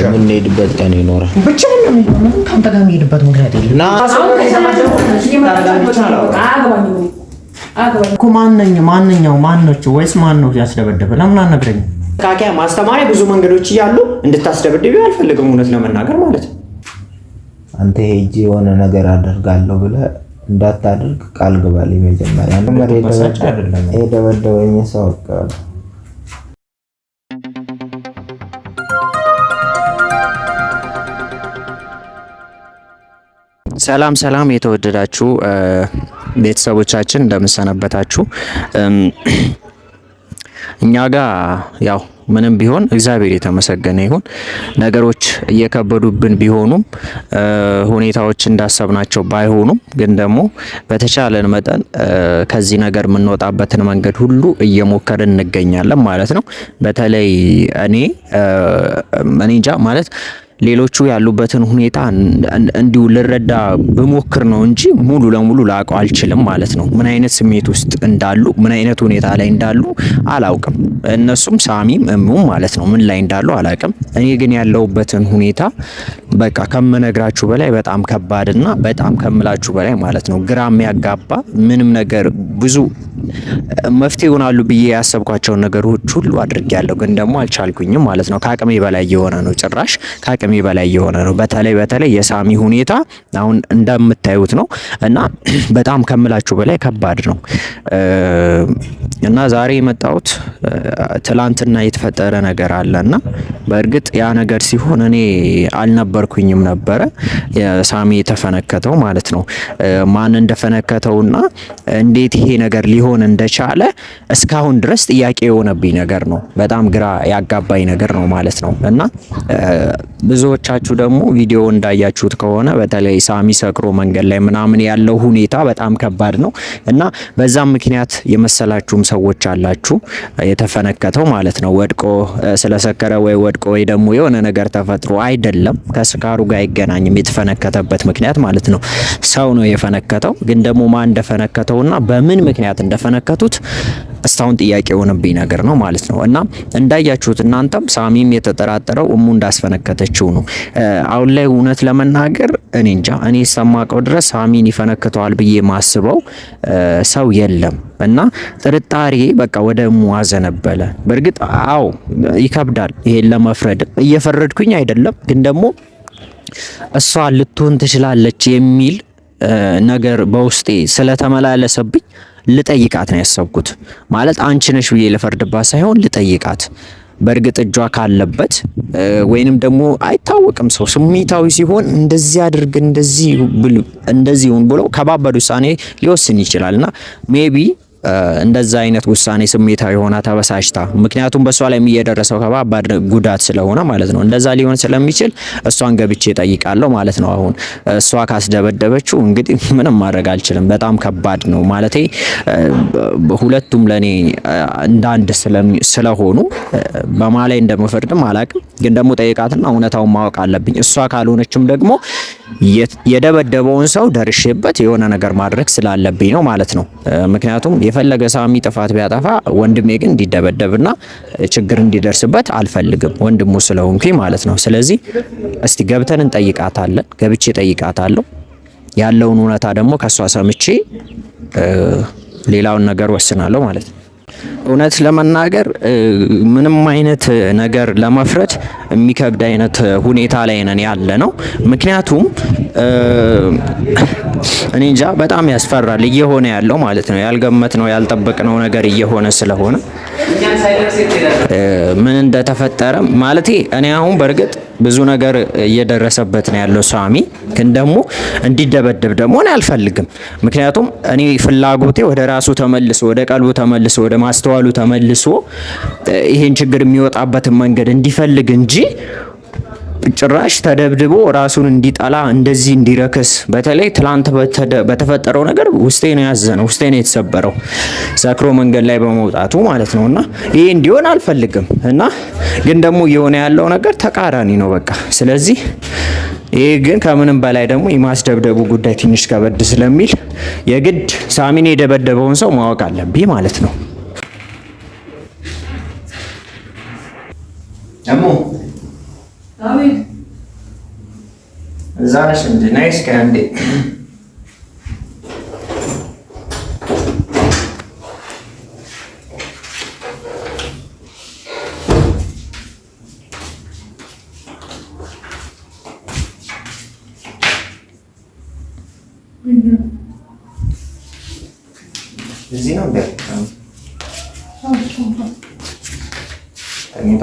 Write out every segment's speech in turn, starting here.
የምንሄድበት ቀን ይኖራል። ብቻ ነው የሚሆነው። ከአንተ ጋር የምሄድበት ምክንያት የለም። ማነኝ ማነኛው ማነች ወይስ ማን ነው ያስደበደበ? ለምን አልነግረኝም? ካኪያ ማስተማሪያ ብዙ መንገዶች እያሉ እንድታስደበድብ አልፈልግም። እውነት ለመናገር ማለት ነው አንተ ሄጂ የሆነ ነገር አደርጋለሁ ብለህ እንዳታደርግ ቃል ግባልኝ። መጀመሪያ የደበደበኝ ሰው ሰላም ሰላም የተወደዳችሁ ቤተሰቦቻችን እንደምንሰነበታችሁ። እኛ ጋር ያው ምንም ቢሆን እግዚአብሔር የተመሰገነ ይሁን። ነገሮች እየከበዱብን ቢሆኑም ሁኔታዎች እንዳሰብናቸው ባይሆኑም ግን ደግሞ በተቻለን መጠን ከዚህ ነገር የምንወጣበትን መንገድ ሁሉ እየሞከርን እንገኛለን ማለት ነው። በተለይ እኔ እኔ እንጃ ማለት ሌሎቹ ያሉበትን ሁኔታ እንዲሁ ልረዳ ብሞክር ነው እንጂ ሙሉ ለሙሉ ላውቀው አልችልም ማለት ነው። ምን አይነት ስሜት ውስጥ እንዳሉ፣ ምን አይነት ሁኔታ ላይ እንዳሉ አላውቅም። እነሱም ሳሚም እሙም ማለት ነው ምን ላይ እንዳሉ አላውቅም። እኔ ግን ያለውበትን ሁኔታ በቃ ከምነግራችሁ በላይ በጣም ከባድና በጣም ከምላችሁ በላይ ማለት ነው ግራ የሚያጋባ ምንም ነገር ብዙ መፍትሄ ይሆናሉ ብዬ ያሰብኳቸውን ነገሮች ሁሉ አድርጌያለሁ፣ ግን ደግሞ አልቻልኩኝም ማለት ነው። ከአቅሜ በላይ የሆነ ነው ጭራሽ ከአቅሜ በላይ የሆነ ነው። በተለይ በተለይ የሳሚ ሁኔታ አሁን እንደምታዩት ነው እና በጣም ከምላችሁ በላይ ከባድ ነው እና ዛሬ የመጣሁት ትላንትና የተፈጠረ ነገር አለ እና በእርግጥ ያ ነገር ሲሆን እኔ አልነበርኩኝም ነበረ ሳሚ የተፈነከተው ማለት ነው። ማን እንደፈነከተውና እንዴት ይሄ ነገር ሊሆን እንደቻለ እስካሁን ድረስ ጥያቄ የሆነብኝ ነገር ነው። በጣም ግራ ያጋባኝ ነገር ነው ማለት ነው እና ብዙዎቻችሁ ደግሞ ቪዲዮ እንዳያችሁት ከሆነ በተለይ ሳሚ ሰክሮ መንገድ ላይ ምናምን ያለው ሁኔታ በጣም ከባድ ነው እና በዛም ምክንያት የመሰላችሁም ሰዎች አላችሁ። የተፈነከተው ማለት ነው ወድቆ ስለሰከረ ወይ ወድቆ ወይ ደግሞ የሆነ ነገር ተፈጥሮ አይደለም፣ ከስካሩ ጋር አይገናኝም። የተፈነከተበት ምክንያት ማለት ነው ሰው ነው የፈነከተው። ግን ደግሞ ማን እንደፈነከተውና በምን ምክንያት እንደፈነከቱት እስካሁን ጥያቄ የሆነብኝ ነገር ነው ማለት ነው። እና እንዳያችሁት እናንተም ሳሚም የተጠራጠረው እሙ እንዳስፈነከተችው ነው። አሁን ላይ እውነት ለመናገር እኔ እንጃ እኔ እስከማውቀው ድረስ ሳሚን ይፈነክተዋል ብዬ ማስበው ሰው የለም። እና ጥርጣሬ በቃ ወደ እሙ አዘነበለ። በእርግጥ አዎ ይከብዳል፣ ይሄን ለመፍረድ እየፈረድኩኝ አይደለም፣ ግን ደግሞ እሷ ልትሆን ትችላለች የሚል ነገር በውስጤ ስለተመላለሰብኝ ልጠይቃት ነው ያሰብኩት። ማለት አንቺ ነሽ ብዬ ልፈርድባት ሳይሆን ልጠይቃት በእርግጥ እጇ ካለበት ወይንም ደግሞ አይታወቅም። ሰው ስሜታዊ ሲሆን እንደዚህ አድርግ እንደዚህ ብሎ ከባባድ ውሳኔ ሊወስን ይችላል እና ሜቢ እንደዛ አይነት ውሳኔ ስሜታዊ ሆና ተበሳጭታ፣ ምክንያቱም በእሷ ላይ እየደረሰው ከባባድ ጉዳት ስለሆነ ማለት ነው። እንደዛ ሊሆን ስለሚችል እሷን ገብቼ ጠይቃለሁ ማለት ነው። አሁን እሷ ካስደበደበችው እንግዲህ ምንም ማድረግ አልችልም። በጣም ከባድ ነው ማለቴ ሁለቱም ለኔ እንዳንድ ስለሆኑ በማን ላይ እንደምፈርድም አላቅም። ግን ደግሞ ጠይቃትና እውነታውን ማወቅ አለብኝ። እሷ ካልሆነችም ደግሞ የደበደበውን ሰው ደርሼበት የሆነ ነገር ማድረግ ስላለብኝ ነው ማለት ነው። ምክንያቱም የፈለገ ሳሚ ጥፋት ቢያጠፋ ወንድሜ ግን እንዲደበደብና ችግር እንዲደርስበት አልፈልግም፣ ወንድሙ ስለሆንኩ ማለት ነው። ስለዚህ እስቲ ገብተን እንጠይቃታለን፣ ገብቼ ጠይቃታለሁ። ያለውን እውነታ ደግሞ ከእሷ ሰምቼ ሌላውን ነገር ወስናለሁ ማለት ነው። እውነት ለመናገር ምንም አይነት ነገር ለመፍረድ የሚከብድ አይነት ሁኔታ ላይ ነን ያለ ነው። ምክንያቱም እኔ እንጃ በጣም ያስፈራል እየሆነ ያለው ማለት ነው። ያልገመት ነው ያልጠበቅ ነው ነገር እየሆነ ስለሆነ ምን እንደተፈጠረ ማለት እኔ አሁን በእርግጥ ብዙ ነገር እየደረሰበት ነው ያለው ሳሚ፣ ግን ደግሞ እንዲደበደብ ደግሞ እኔ አልፈልግም። ምክንያቱም እኔ ፍላጎቴ ወደ ራሱ ተመልሶ ወደ ቀልቡ ተመልሶ ወደ ማስተዋሉ ተመልሶ ይሄን ችግር የሚወጣበትን መንገድ እንዲፈልግ እንጂ ጭራሽ ተደብድቦ ራሱን እንዲጠላ እንደዚህ እንዲረክስ በተለይ ትላንት በተፈጠረው ነገር ውስጤ ነው ያዘ ነው ውስጤ ነው የተሰበረው ሰክሮ መንገድ ላይ በመውጣቱ ማለት ነው። እና ይሄ እንዲሆን አልፈልግም እና ግን ደግሞ እየሆነ ያለው ነገር ተቃራኒ ነው በቃ ስለዚህ ይህ ግን ከምንም በላይ ደግሞ የማስደብደቡ ጉዳይ ትንሽ ከበድ ስለሚል የግድ ሳሚን የደበደበውን ሰው ማወቅ አለብኝ ማለት ነው። እዛ ነሽ እንደ ነይ እስኪ እዚህ ነው። እንደ ተኝታ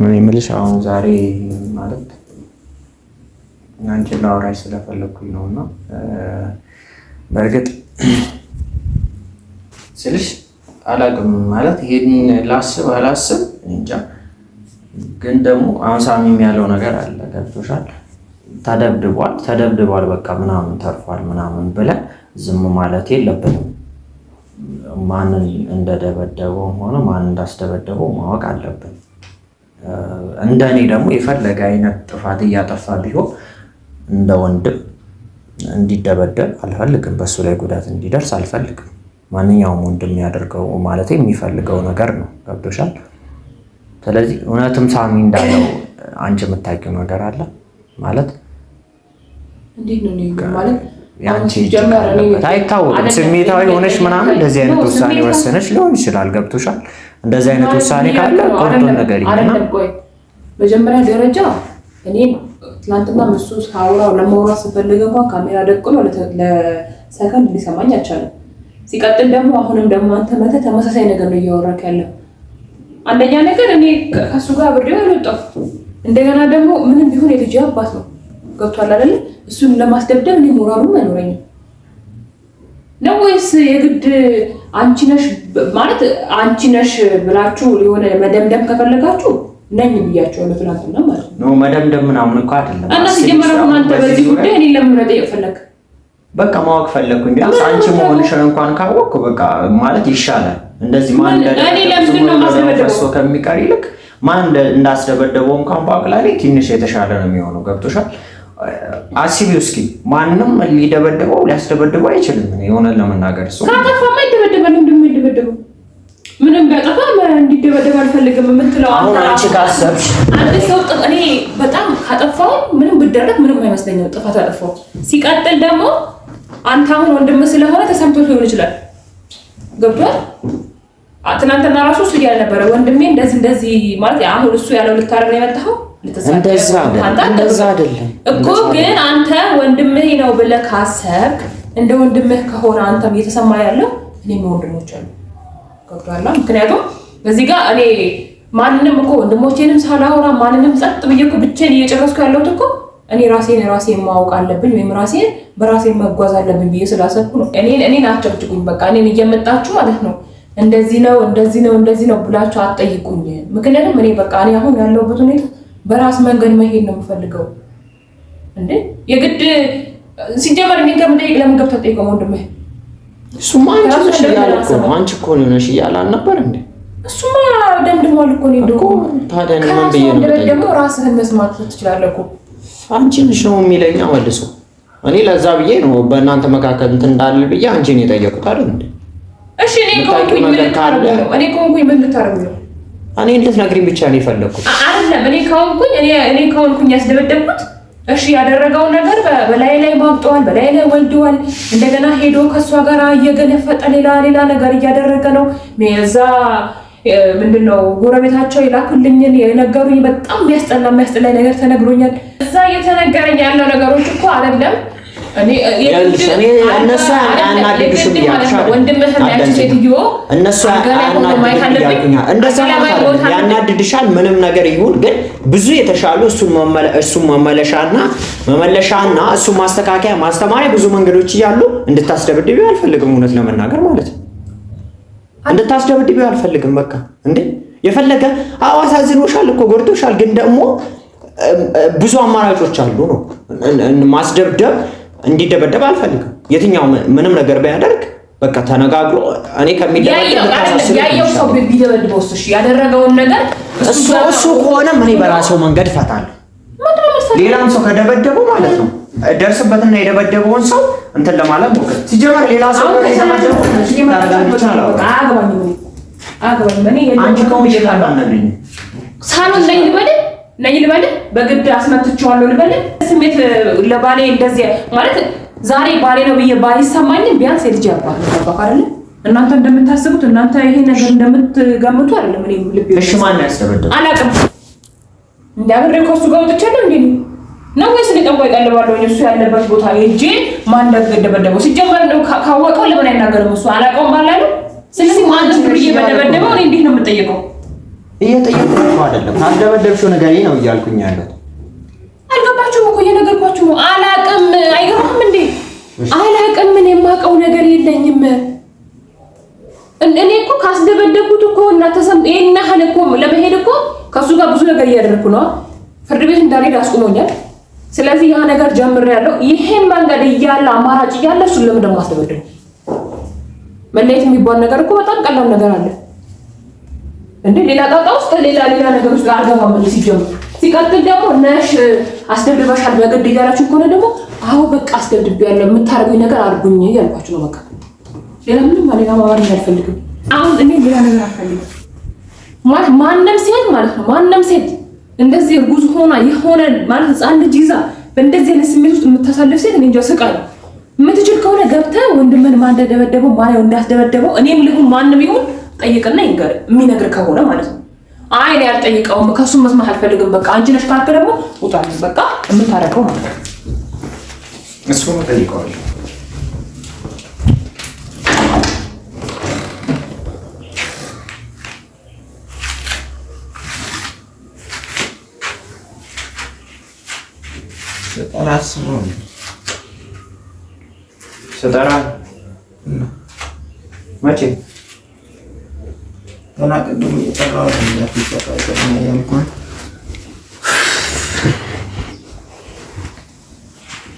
ምን የምልሽ አሁን ዛሬ ማለት አንቺን ላወራሽ ስለፈለግኩኝ ነው። እና በእርግጥ ስልሽ አላቅም ማለት ይሄን ላስብ አላስብ እንጃ፣ ግን ደግሞ አሁን ሳሚም ያለው ነገር አለ ገብቶሻል። ተደብድቧል ተደብድቧል በቃ ምናምን ተርፏል ምናምን ብለን ዝም ማለት የለብንም። ማንን እንደደበደበው ሆነ ማን እንዳስደበደበው ማወቅ አለብን። እንደኔ ደግሞ የፈለገ አይነት ጥፋት እያጠፋ ቢሆን እንደ ወንድም እንዲደበደብ አልፈልግም። በእሱ ላይ ጉዳት እንዲደርስ አልፈልግም። ማንኛውም ወንድም የሚያደርገው ማለት የሚፈልገው ነገር ነው። ገብቶሻል? ስለዚህ እውነትም ሳሚ እንዳለው አንቺ የምታውቂው ነገር አለ ማለት ያንቺ እጅ አይታወቅም። ስሜታዊ ሆነሽ ምናምን እንደዚህ አይነት ውሳኔ ወሰነች ሊሆን ይችላል። ገብቶሻል? እንደዚህ አይነት ውሳኔ ካለ ቆርጦን ነገር መጀመሪያ ደረጃ እኔ ትናንትና ምሱ ሳውራው ለማውራት ስፈልግ እንኳን ካሜራ ደቅኖ ለሰከንድ ሊሰማኝ አልቻለም። ሲቀጥል ደግሞ አሁንም ደግሞ አንተ መተህ ተመሳሳይ ነገር ነው እያወራክ ያለው። አንደኛ ነገር እኔ ከሱ ጋር ብሬው አልወጣሁ። እንደገና ደግሞ ምንም ቢሆን የልጅ አባት ነው ገብቷል አይደለ? እሱን ለማስደብደብ እኔ ሞራሉም አይኖረኝም ነው ወይስ የግድ አንቺ ነሽ ማለት አንቺ ነሽ ብላችሁ የሆነ መደምደም ከፈለጋችሁ ነኝ ብያቸው ለትናንትና ማለት ነው። መደምደም ምናምን እኮ አይደለም እና ሲጀመረ አንተ በዚህ ጉዳይ እኔ ለምን መጠየቅ ፈለግ? በቃ ማወቅ ፈለግኩኝ። ቢያንስ አንቺ መሆንሽን እንኳን ካወቅኩ በቃ ማለት ይሻላል። እንደዚህ ማን እንደደፈሶ ከሚቀር ይልቅ ማን እንዳስደበደበው እንኳን በአቅላሌ ትንሽ የተሻለ ነው የሚሆነው። ገብቶሻል? አስቢው እስኪ ማንም ሊደበድበው ሊያስደበድበው አይችልም። የሆነ ለመናገር ሰው ካጠፋ ማይደበደበ ነው እንደሚደበደበው ምንም ቢያጠፋ እንዲደበደብ አልፈልግም የምትለው አሁን አንቺ ካሰብሽ አንድ ሰው እኔ በጣም ካጠፋው ምንም ብደረግ ምንም አይመስለኝም። ጥፋት አጠፋው። ሲቀጥል ደግሞ አንተ አሁን ወንድም ስለሆነ ተሰምቶ ሊሆን ይችላል። ገብቷል። ትናንትና ራሱ እሱ እያለ ነበረ ወንድሜ እንደዚህ እንደዚህ ማለት አሁን እሱ ያለው ልታረግ ነው የመጣኸው እንደዛ አይደለም እኮ ግን አንተ ወንድምህ ነው ብለህ ካሰብክ እንደ ወንድምህ ከሆነ አንተም እየተሰማ ያለው እኔም ወንድሞች አሉ ገብቶሃል። ምክንያቱም በዚህ ጋር እኔ ማንንም እኮ ወንድሞቼንም ሳላወራ ማንንም ጸጥ ብዬ እኮ ብቻዬን እየጨረስኩ ያለሁት እኮ እኔ ራሴን ራሴን ማወቅ አለብኝ ወይም ራሴን በራሴን መጓዝ አለብኝ ብዬ ስላሰብኩ ነው። እኔን እኔን አጨብጭቁኝ፣ በቃ እኔን እየመጣችሁ ማለት ነው እንደዚህ ነው እንደዚህ ነው እንደዚህ ነው ብላችሁ አትጠይቁኝ። ምክንያቱም እኔ በቃ እኔ አሁን ያለሁበት ሁኔታ በራስ መንገድ መሄድ ነው የምፈልገው። እንዴ የግድ ሲጀመር እኔ ከምንደይቅ ለምን ገብታ ጠይቀው ወንድምህ እሱማ አንቺ እኮ ነሽ እያለ አልነበር እንዴ? እሱማ ደምድሟል እኮ ነው እኮ። ታዲያ ምን ብዬ ነው ደግሞ ራስህን መስማት ትችላለህ እኮ። አንቺ ነሽ ነው የሚለኛ መልሶ። እኔ ለዛ ብዬ ነው በእናንተ መካከል እንትን እንዳለ ብዬ አንቺን የጠየቁት አይደል እንዴ? እሺ እኔ ኮንኩኝ ምን ልታረጉ ነው? እኔ ኮንኩኝ ምን ልታረጉ ነው? እኔ እንድትነግሪኝ ብቻ ነው የፈለግኩት። አይደለም እኔ ከሆንኩኝ እኔ እኔ ከሆንኩኝ ያስደበደብኩት እሺ ያደረገው ነገር በላይ ላይ ማብጠዋል፣ በላይ ላይ ወልደዋል። እንደገና ሄዶ ከእሷ ጋር እየገነፈጠ ሌላ ሌላ ነገር እያደረገ ነው። እዛ ምንድነው ጎረቤታቸው የላኩልኝን የነገሩኝ በጣም የሚያስጠላ የሚያስጠላኝ ነገር ተነግሮኛል። እዛ እየተነገረኝ ያለው ነገሮች እኮ አይደለም እነሱ አናድዱሽም እያልኩሽ ያናድድሻል። ምንም ነገር ይሁን ግን ብዙ የተሻሉ እሱን መመለሻና መመለሻና እሱን ማስተካከያ ማስተማሪያ ብዙ መንገዶች እያሉ እንድታስደብድቢው አልፈልግም። እውነት ለመናገር ማለት ነው እንድታስደብድቢው አልፈልግም። በቃ እንዴ የፈለገ አዎ፣ አሳዝኖሻል እኮ ጎድቶሻል፣ ግን ደግሞ ብዙ አማራጮች አሉ ነው ማስደብደብ እንዲደበደብ አልፈልግም። የትኛው ምንም ነገር ቢያደርግ በቃ ተነጋግሮ እኔ ከሚደበደብ ሰው ቢደበድበው ያደረገውን ነገር እሱ ከሆነ እኔ በራሴው መንገድ እፈታለሁ። ሌላም ሰው ከደበደበው ማለት ነው ደርስበትና የደበደበውን ሰው እንትን ለማለት ሞክር። ሲጀመር ሌላ ሰው አንቺ ከሆንሽ ነኝ ልበል፣ በግድ አስመትቼዋለሁ ልበል። ስሜት ለባሌ እንደዚህ ማለት ዛሬ ባሌ ነው ብዬ ባይሰማኝም ቢያንስ የልጅ አባት ነው። ገባህ አይደለ? እናንተ እንደምታስቡት እናንተ ይሄ ነገር እንደምትገምቱ አይደለም። እኔ ልብ እሺ፣ ማን ያስደበደበ አላውቅም። እንዲያብሬ ከሱ ጋር ወጥቻለሁ እንዴ ነው ወይስ ሊጠቆ ይቀልባለሁ? እሱ ያለበት ቦታ ሄጄ ማን እንደደበደበው ሲጀመር ነው ካወቀው ለምን አይናገርም? እሱ አላውቀውም ባላሉ። ስለዚህ ማን ነው ብዬ በደበደበው እኔ እንዴት ነው የምጠየቀው? እየጠየቅኩ አይደለም። ካልደበደብሽው ነገሬ ነው እያልኩኝ ያለሁት። አልገባችሁም እኮ እየነገርኳችሁ ነው። አላቅም። አይገባም እንዴ? አላቅም። ምን የማውቀው ነገር የለኝም። እኔ እኮ ካስደበደብኩት እኮ እና ተሰም ይሄን ያህል እኮ ለመሄድ እኮ ከሱ ጋር ብዙ ነገር እያደረኩ ነው። ፍርድ ቤት እንዳልሄድ አስቁሞኛል። ስለዚህ ያ ነገር ጀምር ያለው ይሄን መንገድ እያለ አማራጭ እያለ እሱን ለምን ደግሞ አስደበደብኩ? መለየት የሚባል ነገር እኮ በጣም ቀላል ነገር አለ። እንዴ ሌላ ጣጣ ውስጥ ሌላ ሌላ ነገሮች ጋር አልገባም። ሲጀምር ሲቀጥል ደግሞ ነሽ አስደብድበሻል በግድ እያላችሁ ከሆነ ደግሞ አዎ በቃ ያለ የምታደርገኝ ነገር አድርጉኝ እያልኳችሁ ነው። በቃ ሌላ ምንም ሌላ ማባረር አልፈልግም። አሁን እኔ ሌላ ነገር አልፈልግም ማለት ማንም ሴት ማለት ነው ማንም ሴት እንደዚህ እርጉዝ ሆና የሆነ ማለት ሕፃን ልጅ ይዛ በእንደዚህ አይነት ስሜት ውስጥ የምታሳልፍ ሴት እኔ እንጃ ስቃይ ነው። የምትችል ከሆነ ገብተህ ወንድምን ማን እንደደበደበው ማን እንዳስደበደበው እኔም ልሁን ማንም ይሁን ጠይቅና ይንገር የሚነግር ከሆነ ማለት ነው። አይ እኔ አልጠይቀውም ከሱ መስማት አልፈልግም፣ በቃ አንቺ ነሽ ካልክ ደግሞ ውጣ። በቃ የምታረቀው ማለት ነው። እሱ ጠይቀዋል። ጠይቀዋለሁ። ስጠራ መቼ ገና ቅድም እየጠራሁ ነው።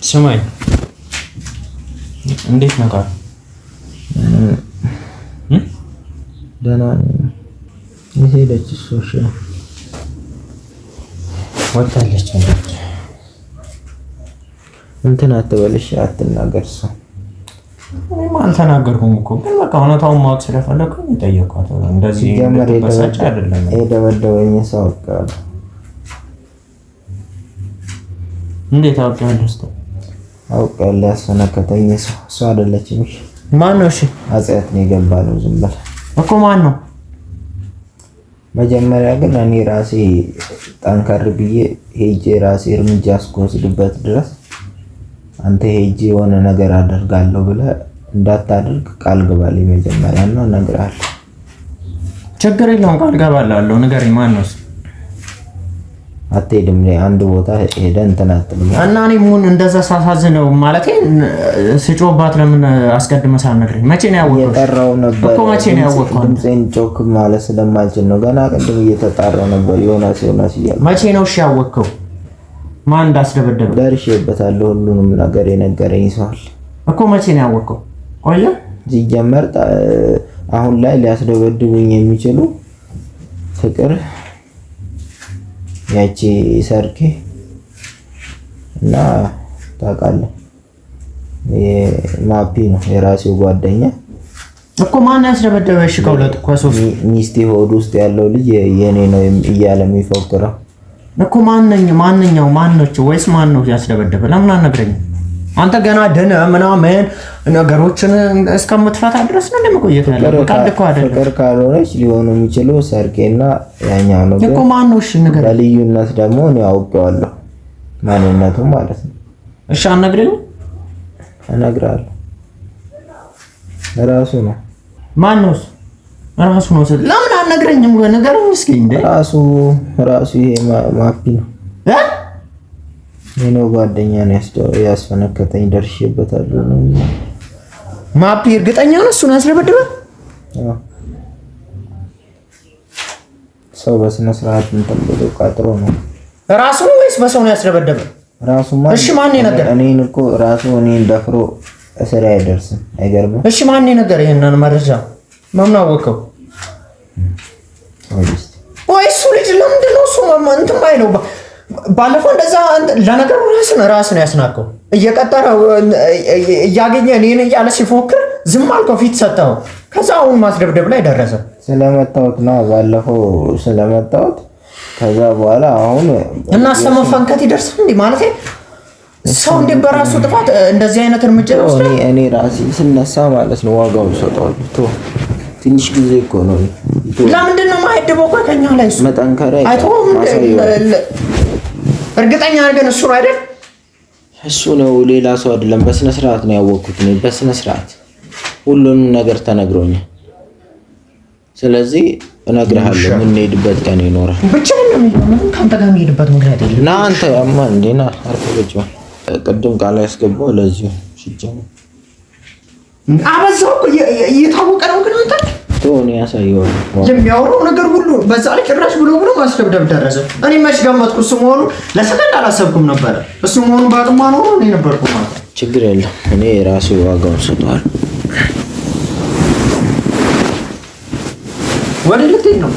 ስማኝ፣ እንዴት ነህ? ቃል ደህና ነኝ። ሄደች ሶሽ ወታለች። እንትን አትበልሽ፣ አትናገር ሰው አልተናገርኩም እኮ ግን በቃ እውነታውን ማወቅ ስለፈለግኩ የጠየኳት እንደዚህ እንደተበሳጭ አይደለም። የደበደበኝ ሰው አውቄዋለሁ። እንዴት አውቄዋለሁ? ስ አውቄዋለሁ። ያስፈነከተኝ ሰው እሱ አይደለችም። ማን ነው? እሺ አጽያት ነው የገባ ነው። ዝም በል እኮ ማን ነው? መጀመሪያ ግን እኔ ራሴ ጠንከር ብዬ ሄጄ ራሴ እርምጃ እስክወስድበት ድረስ አንተ ሄጄ የሆነ ነገር አደርጋለሁ ብለህ እንዳታደርግ ቃል ግባል። መጀመሪያ ነው እነግርሃለሁ። ችግር የለውም ቃል ገባላለሁ። ንገረኝ፣ ማን ነው? አትሄድም አንድ ቦታ ሄደ እንትን አትልም እና እኔ ሙን እንደዛ ሳሳዝነው ማለት ስጮባት ለምን አስቀድመ ሳልነግረኝ? መቼ ነው ያወቅሁት? እየጠራሁ ነበር እኮ መቼ ነው ያወቅሁት? ድምጼን ጮክ ማለት ስለማልችል ነው። ገና ቅድም እየተጣራሁ ነበር ዮናስ ዮናስ እያልኩ። መቼ ነው እሺ ያወቅኸው? ማን እንዳስደበደበ? ደርሼበታለሁ። ሁሉንም ነገር የነገረኝ ሰዋል እኮ መቼ ነው ያወቅኸው? ቆየ ሲጀመር አሁን ላይ ሊያስደበድቡኝ የሚችሉ ፍቅር ያቺ ሰርኬ እና ታውቃለህ፣ ማፒ ነው የራሴው ጓደኛ እኮ ማን ያስደበደበሽ? ከሁለት ከሶስት ሚስቴ ሆድ ውስጥ ያለው ልጅ የኔ ነው እያለ የሚፎክረው እኮ ማንኛው ማንኛው ማን ነው ወይስ ማን ነው ያስደበደበ? ለምን አልነግረኝም? አንተ ገና ደነ ምናምን ነገሮችን እስከምትፈታ ድረስ ነው እንደመቆየት ፍቅር ካልሆነች ሊሆኑ የሚችሉ ሰርጌና ያኛው ነገር ማኖሽ ነገር በልዩነት ደግሞ እኔ አውቄዋለሁ ማንነቱ ማለት ነው። እሺ አነግደኝ እነግርሃለሁ። ራሱ ነው ማነውስ? ራሱ ነው። ለምን አነግረኝም? ንገረኝ እስኪ። ራሱ ራሱ ይሄ ማፒ ነው ይህነው ጓደኛ ነው ያስፈነከተኝ ደርሼበታለሁ። ማፒ እርግጠኛ ነው እሱን ያስደበድበ ሰው በስነ ስርዓት እንጠብቀው ቃጥሮ ነው ራሱ ወይስ በሰው ነው ያስደበደበ? ራሱ ማን? እሺ ማን ነገር እኔን እኮ ራሱ እኔን ደፍሮ እስር አይደርስም። አይገርምም? እሺ ማን ነገር ይሄንን መረጃ ማን አወቀው? ወይስ ልጅ ለምንድን ነው እሱ እንትን አይለው ባለፈው እንደዛ ለነገሩ ራስን ራስ ነው ያስናቀው። እየቀጠረ እያገኘ እኔን እያለ ሲፎክር ዝም አልከው፣ ፊት ሰጠው። ከዛ አሁን ማስደብደብ ላይ ደረሰ። ስለመጣሁት ነው ባለፈው ስለመጣሁት። ከዛ በኋላ አሁን እና እስከመፈንከት ይደርሳል። እንዲ ማለት ሰው እንዲ በራሱ ጥፋት እንደዚህ አይነት እርምጃ ይወስዳል። እኔ ራሴ ስነሳ ማለት ነው ዋጋውን ሰጠው። ትንሽ ጊዜ እኮ ነው። ለምንድን ነው ማይደበው ከኛ ላይ መጠንከሪያ አይቶ እርግጠኛ አድርገን እሱ ነው አይደል? እሱ ነው፣ ሌላ ሰው አይደለም። በስነ ስርዓት ነው ያወቅኩት እኔ በስነ ስርዓት ሁሉንም ነገር ተነግሮኛል። ስለዚህ እነግርሃለሁ፣ የምንሄድበት ቀን ይኖራል። የሚሆነው። ከአንተ ጋር የምሄድበት ምክንያት የለም። ና አንተ ያማ እንዴና አርፈበጭ ቅድም ቃል ያስገባው ለዚሁ ሲጀመር አበዛው እየታወቀ ነው ግን አንተ ሆነ ያሳየዋል። የሚያወራው ነገር ሁሉ በዛ ላይ ጭራሽ ብሎ ብሎ ማስደብደብ ደረሰ። እኔ መች ገመትኩ እሱ መሆኑ ለሰከንድ አላሰብኩም ነበረ። እሱ መሆኑ ባጥማ ኖሮ እኔ ነበርኩ ማለት ችግር የለም። እኔ ራሱ ዋጋውን ሰጠዋል። ወደ ነው